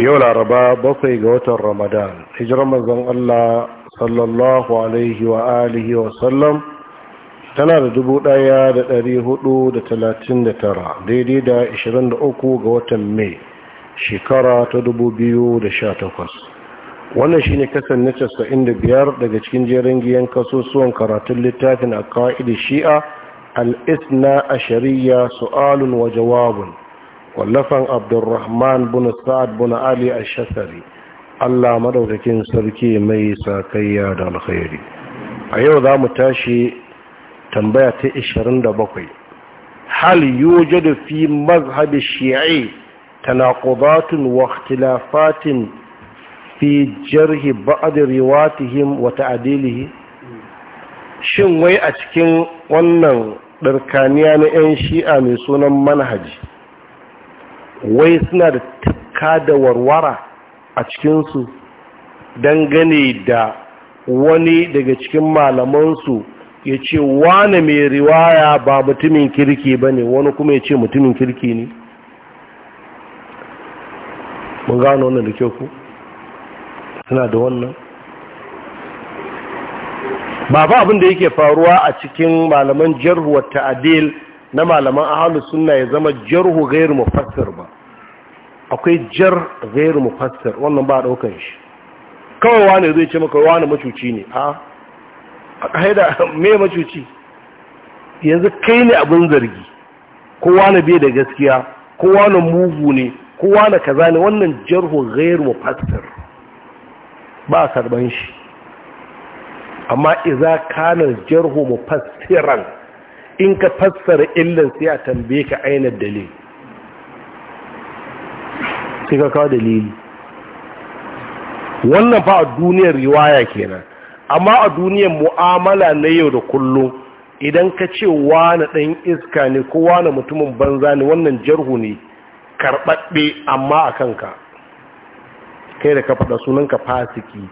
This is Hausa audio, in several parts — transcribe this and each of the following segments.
yau laraba bakwai ga watan ramadan hijira manzon allah sallallahu alaihi wa alihi wa sallam tana da dubu daya da dari hudu da talatin da tara daidai da ishirin da uku ga watan mai shekara ta dubu biyu da sha takwas wannan shine kasan na casa'in da biyar daga cikin jerin giyan kasusuwan karatun littafin a ka'idar shi'a al-isna a shari'a su'alun wa jawabun wallafan abdurrahman bin sa'ad bin ali ash-shasari Allah madaukakin sarki mai sakayya da alkhairi a yau za mu tashi tambaya ta 27 hal yujadu fi mazhab ash-shi'i tanaqudatun wa ikhtilafatin fi jarhi ba'd riwatihim wa ta'dilihi shin wai a cikin wannan ɗarkaniya na 'yan shi'a mai sunan manhaji wai suna da tukka da warwara a cikinsu don gane da wani daga cikin malamansu ya ce wane mai riwaya ba mutumin kirki ba ne wani kuma ya ce mutumin kirki ne mun gano wannan da kyau ku suna da wannan ba ba abin da yake faruwa a cikin malaman jarhuwar ta'adil na malaman ahalus sunna ya zama jarhu gairu mufassir ba akwai jar gairu mufassir wannan ba daukan shi kawai wani zai ce maka wani macuci ne a haida me macuci yanzu kai ne abin zargi ko wani bai da gaskiya ko wani mugu ne ko wani kaza ne wannan jarhu gairu mufassir ba sarban shi amma idza kana jarhu mufassiran in ka fassara illan sai a tambaye ka aina dalil sai ka kawo dalili wannan fa a duniyar riwaya kenan amma a duniyar mu'amala na yau da kullum idan ka ce wani ɗan iska ne ko wani mutumin banza ne wannan jarhu ne karɓaɓɓe amma a kanka kai da ka faɗa ka fasiki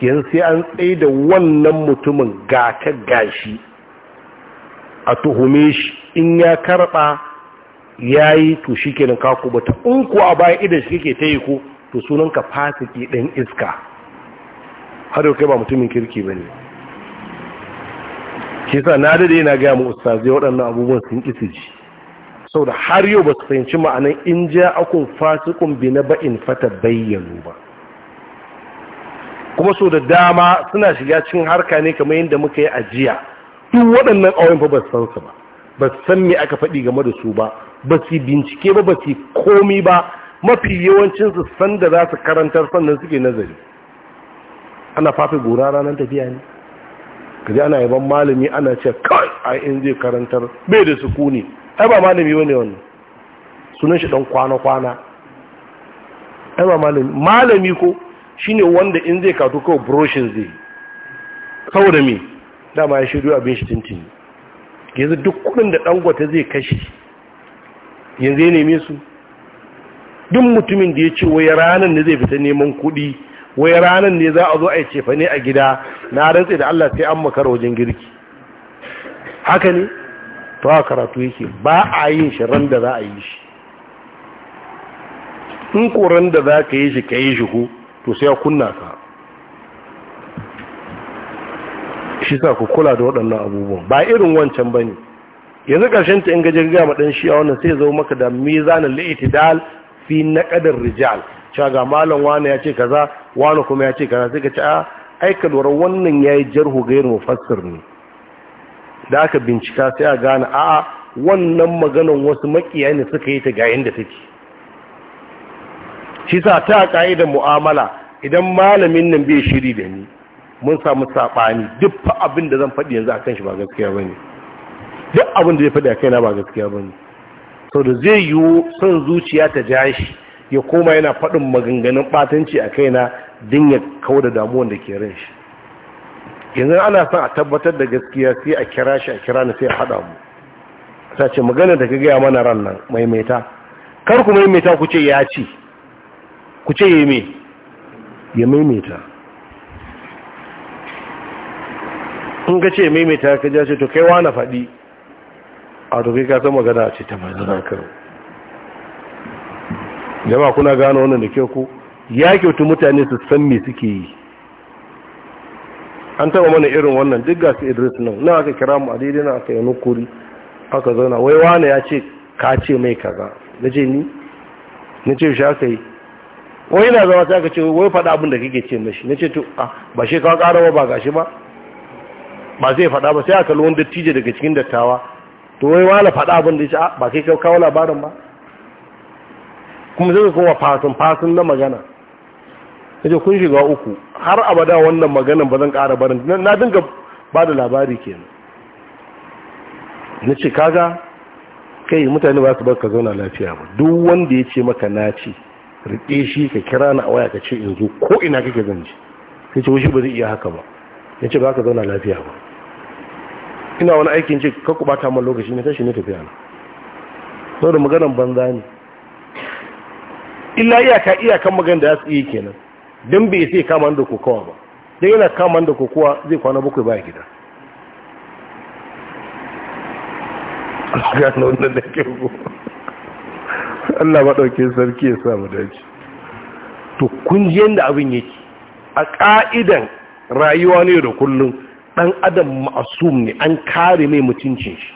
yanzu sai an tsaye da wannan mutumin gata gashi a tuhume shi in ya karɓa ya yi to shi ke kenan ka kubuta in ku a bayan idan shi ke ta yi ko to sunanka fasiki ɗan iska har yau kai ba mutumin kirki ba ne kisa na dade yana gaya mu ustazi waɗannan abubuwan sun ƙi ji sau da har yau ba su fahimci ma'anan in ja akun fasikun bi na ba'in fata bayyano ba kuma sau da dama suna shiga cikin harka ne kamar yadda muka yi a jiya. in waɗannan auren fa ba su san su ba ba su san me aka faɗi game da su ba ba su bincike ba ba su komi ba mafi yawancin su san da za su karantar sannan suke nazari ana fafi gora ranar tafiya ne kaji ana ban malami ana ce kai a in zai karantar bai da sukuni ai ba malami wani wannan sunan shi dan kwana-kwana ai ba malami malami ko shine wanda in zai kato kawai broshin zai saboda me dama ya shirya abin shi tintini yanzu duk kudin da dangwata zai kashe yanzu ya neme su duk mutumin da ya ce waya ranar ne zai fita neman kudi wai ranar ne za a zo a yi cefa a gida na rantse da Allah sai an makara wajen girki haka ne to a karatu yake ba a yin shi ran da za a yi shi in ko ran da za ka yi shi ka yi shi ko to sai ya kunna ka shi sa ku kula da waɗannan abubuwan ba irin wancan ba ne yanzu ƙarshen ta in gaji gaya ma ɗan shi a wannan sai zo maka da mizanin da fi na ƙadar rijal cewa ga malam wani ya ce kaza wani kuma ya ce kaza sai ka ce a ah, aika wannan ya yi jarhu gairu mafassar ne da aka bincika sai a gane a'a wannan maganan wasu makiya ne suka yi ta ga yadda take shi sa ta ƙa'idar mu'amala idan malamin nan bai shiri da ni mun samu saɓani duk fa abin da zan faɗi yanzu akan shi ba gaskiya bane duk abin da zai faɗi a kaina ba gaskiya bane ne da zai yiwu son zuciya ta jashi ya koma yana faɗin maganganun batanci a kaina don ya kawo da damuwan da ke ran shi yanzu ana son a tabbatar da gaskiya sai a kira shi a kira ni sai a haɗa mu sace magana da ka gaya mana ran nan maimaita kar ku maimaita ku ce ya ce ku ce ya me ya maimaita in ga ce maimaita ka ja ce to kai wa na faɗi a to ka san magana ce ta mai zana karo jama kuna gano wannan da kyau ku ya kyautu mutane su san me suke yi an taba mana irin wannan duk ga su idris nan na aka kira mu a daidai na aka yi nukuri aka zauna wai wane ya ce ka ce mai kaza na ce ni na ce shi aka yi wai na zama sai aka ce wai faɗa abin da kake ce mashi na ce to ah, ba shi ka ƙara ba ba gashi ba ba zai faɗa ba sai aka kalli wani dattijo daga cikin dattawa to wai wala faɗa abin da ya ce ah, ba kai kawo labarin ba kuma zai kuma fasin fasin na magana yace kun shiga uku har abada wannan maganan ba zan ƙara barin na dinga ba da labari kenan na ce kaga kai mutane ba su barka zauna lafiya ba duk wanda ya ce maka na ce riƙe shi ka kira na a waya ka ce in zo ko ina kake zan ji sai ce wushi ba zai iya haka ba ya ce ba ka zauna lafiya ba ina wani aikin ce ka ku bata min lokaci ne tashi ne tafiya na saboda maganar banza ne illa iyaka iyakan magan da za su iya kenan don bai sai kama da kokowa ba don yana kama da kokowa zai kwana bakwai baya gida Allah maɗauke sarki ya samu dace, to kunjiyar da abin yake a ƙa'idan rayuwa ne da kullum ɗan adam ma'asum ne an kare mai mutuncin shi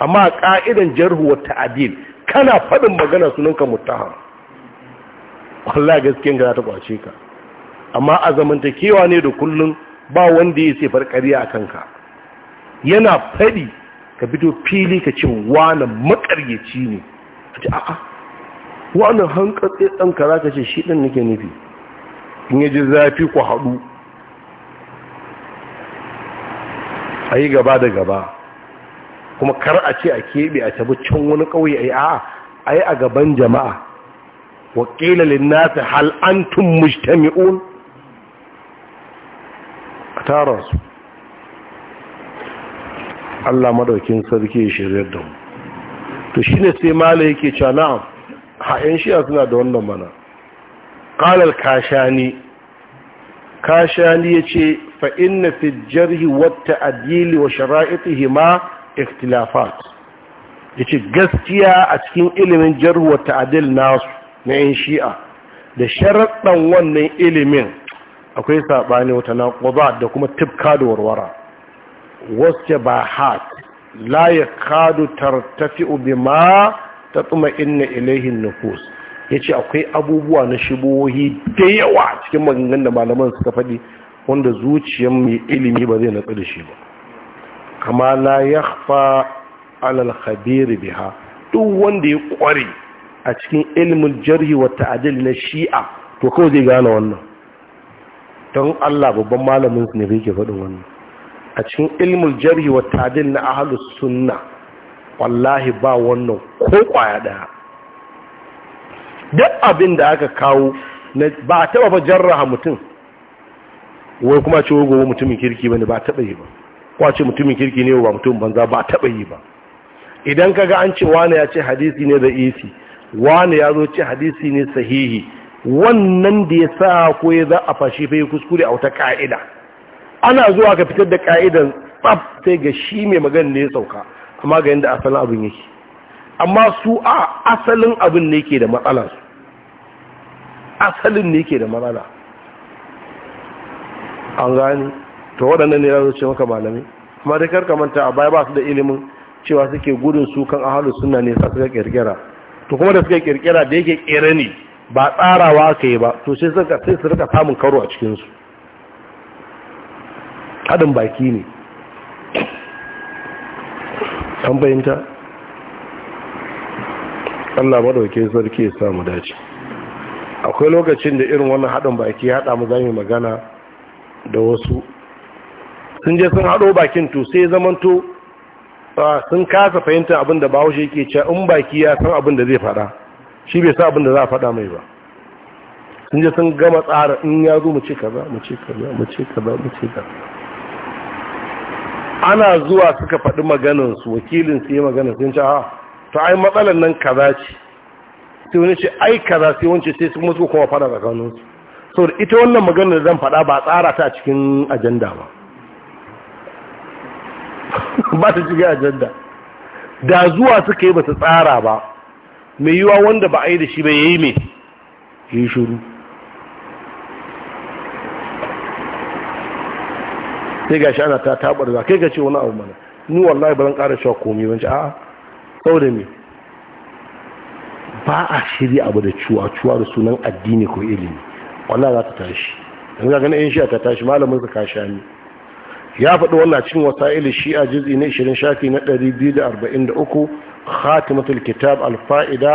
amma ƙa'idan jarhu wa ta'adil kana faɗin magana sunanka mutaham wallahi gaskiyan ga ta kwace ka amma a zamantakewa ne da kullum ba wanda ya sefar ƙarya a kanka yana faɗi ka fito fili ka ce wani makaryaci ne a ce a'a wani hankatse ɗan ka za ka ce shi ɗan nake nufi in yaji zafi ku haɗu a yi gaba da gaba kuma kar a ce a keɓe a tabi can wani ƙauye a yi a a yi a gaban jama'a wakilin linnata hal'antun mujtami'un a tara su allah madaukin sarki shirya da mu to shi sai mala yake cewa na'am ha'yan shiya suna da wannan mana ƙalar kashani kashani ya ce fa'in na fi wata adili wa shara'itihi ma ikhtilafat ya ce gaskiya a cikin ilimin jarhi wata nasu na 'yan shi'a da sharaɗan wannan ilimin akwai saɓani wata naƙuba da kuma tifka da warwara wasu ba hat la ya kadu tartafi ubi ma ta tsuma inna ilaihin nufus ya ce akwai abubuwa na shibohi da yawa cikin maganganun da malaman suka faɗi wanda zuciyar mai ilimi ba zai natsu da shi ba kama la ya fa alal biha duk wanda ya kware a cikin ilimin jarhi wa ta'adil na shi'a to kawai zai gane wannan don Allah babban malamin su ne da ke faɗin wannan a cikin ilimin jarhi wa ta'adil na ahlus sunna wallahi ba wannan ko kwaya daya duk abin da aka kawo ba a taba ba jarraha mutum wai kuma ce gobe mutumin kirki ne ba a taba yi ba ce mutumin kirki ne ba mutum banza ba a taba yi ba idan kaga an ce wani ya ce hadisi ne da isi wani ya zo ce hadisi ne sahihi wannan da ya sa ko ya za a fashi fai kuskure a wata ka'ida ana zuwa ka fitar da ka'idan tsaf sai ga shi mai magana ne ya sauka amma ga yadda asalin abin yake amma su a asalin abin ne ke da matsalarsu asalin ne ke da matsala an gani to waɗanda ne za ce maka malami amma dai karka manta a baya ba su da ilimin cewa suke gudun su kan ahalus sunna ne sa suka kirkira to kuma da suka kirkira da yake kere ne ba tsarawa aka yi ba to sai suka su rika samun karo a cikin su hadin baki ne an bayyanta Allah madaukakin sarki ya samu dace akwai lokacin da irin wannan haɗin baki ya haɗa mu zami magana da wasu sun je sun haɗo bakin to sai zamanto sun kasa fahimta abin da bahaushe yake cewa in baki ya san abin da zai faɗa shi bai sa abin da za a faɗa mai ba sun je sun gama tsara in ya zo mu ce kaza mu ce kaza mu ce kaza mu ce kaza ana zuwa suka faɗi maganin su wakilin su yi maganin sun ce a ah, to ai matsalan nan kaza ce sai wani ce ai kaza sai wance sai kuma su kuma fara tsakanin su saboda ita wannan magana da zan faɗa ba tsara ta cikin ajanda ba ba ta cikin ajanda da zuwa suka yi ba su tsara ba mai yiwa wanda ba a yi da shi ba ya yi mai yi shuru sai ga shi ana ta tabar za kai ga ce wani abu mana ni wallahi ba zan ƙara cewa komi ban ci a'a da mai ba a shirya abu da cuwa cuwa da sunan addini ko ilimi wanda za ta tashi yanzu ga ganin shi'a ta tashi malamin ka kasha ni ya faɗi wannan cikin wasa'ili shi'a jirgin na 20 shafi na 243 khatimatul kitab al-fa'ida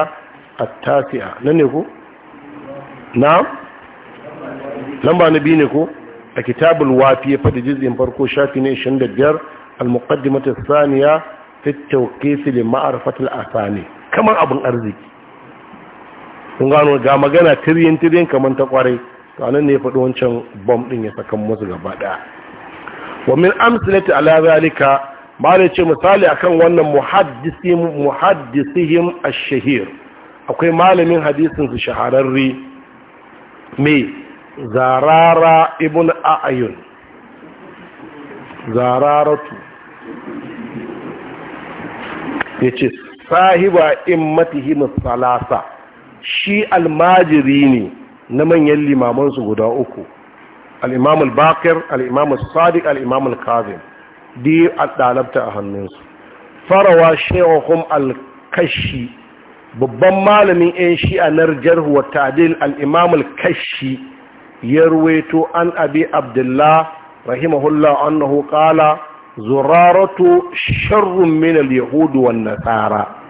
at-tasi'a nan ne ko na lamba na biyu ne ko a kitabul wafi ya faɗi juz'in farko shafi na 25 al-muqaddimatu ath-thaniya fi at-tawqif li kamar abun arziki kun gano ga magana tiriyin tiriyin kamar ta kwarai to anan ne faɗi wancan bom ɗin ya saka musu gaba ɗaya wa min amsalati ala zalika ba da ce misali akan wannan muhaddisihim akwai malamin hadisin su shahararri mai zarara ibn a'ayun zararatu ya yace sahiba immatihi salasa shi almajiri ne na manyan limamansu guda uku al'imam al-bakir al'imam al-sadiq al'imam al-kazim a a hannunsu farawa shehun al-kashi babban malamin 'yan shi'a na jarhu wa al'imam al-kashi ya ruweto an abi abdullah rahimahullah annahu qala zuraratu sharrun min al wan nasara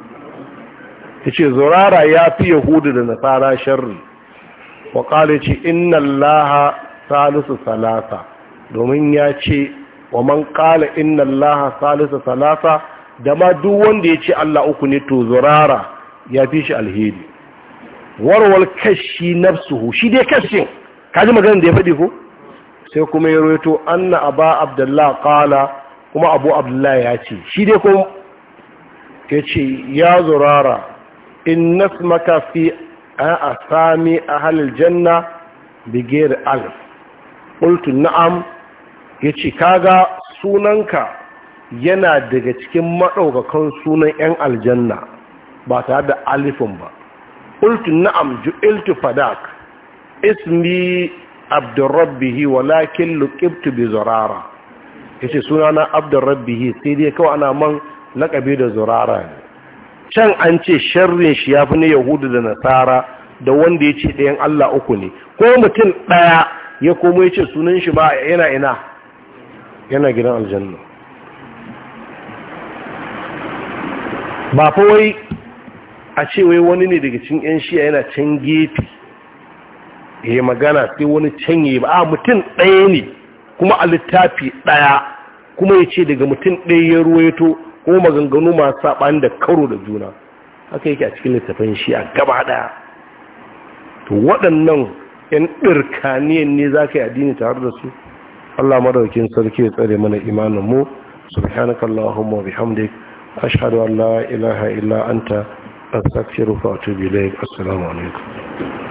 ya ce zurara ya fi yahudu da nasara sharri wa ƙala ce inna allaha salisu salasa domin ya ce wa man ƙala inna allaha salisu salasa da ma duk wanda ya ce allah uku ne to zurara ya fi shi alheri warwar kashi nafsuhu shi dai kashin kaji maganin da ya faɗi ko sai kuma ya roto anna aba Abdullahi ƙala kuma abu Abdullahi ya ce shi dai ko ya ce ya zurara in Makafi fi a sami a janna janna bigayar alif ƙultu na'am ya kaga sunanka yana daga cikin maɗaukakan sunan 'yan aljanna ba tare da alifin ba ƙultu na'am ju'iltu fadak ismi abdurrabbihi walakin luƙibtu bi zurara ya ce sunana abdurrabbihi sai dai kawai ana man laƙabi da zurara ne can an ce sharrin shi ya fi na yahudu da nasara da wanda ya ce ɗayan Allah uku ne ko mutum ɗaya ya komo ya ce sunan shi ba yana ina yana gidan aljanna ba fa wai a ce wai wani ne daga cin yan shiya yana can gefe ya magana sai wani can yi ba a mutum ɗaya ne kuma a littafi ɗaya kuma ya ce daga mutum ɗaya ya ruwaito ko maganganu masu saɓani da karo da juna haka yake a cikin littafin shi a gaba ɗaya to waɗannan ‘yan ɗirkaniyan ne za ka yi addini tare da su Allah madaukin sarki ya tsare mana imanin mu subhanakallahumma bihamdik ashhadu an la ilaha illa anta astaghfiruka wa atubu ilayk assalamu alaikum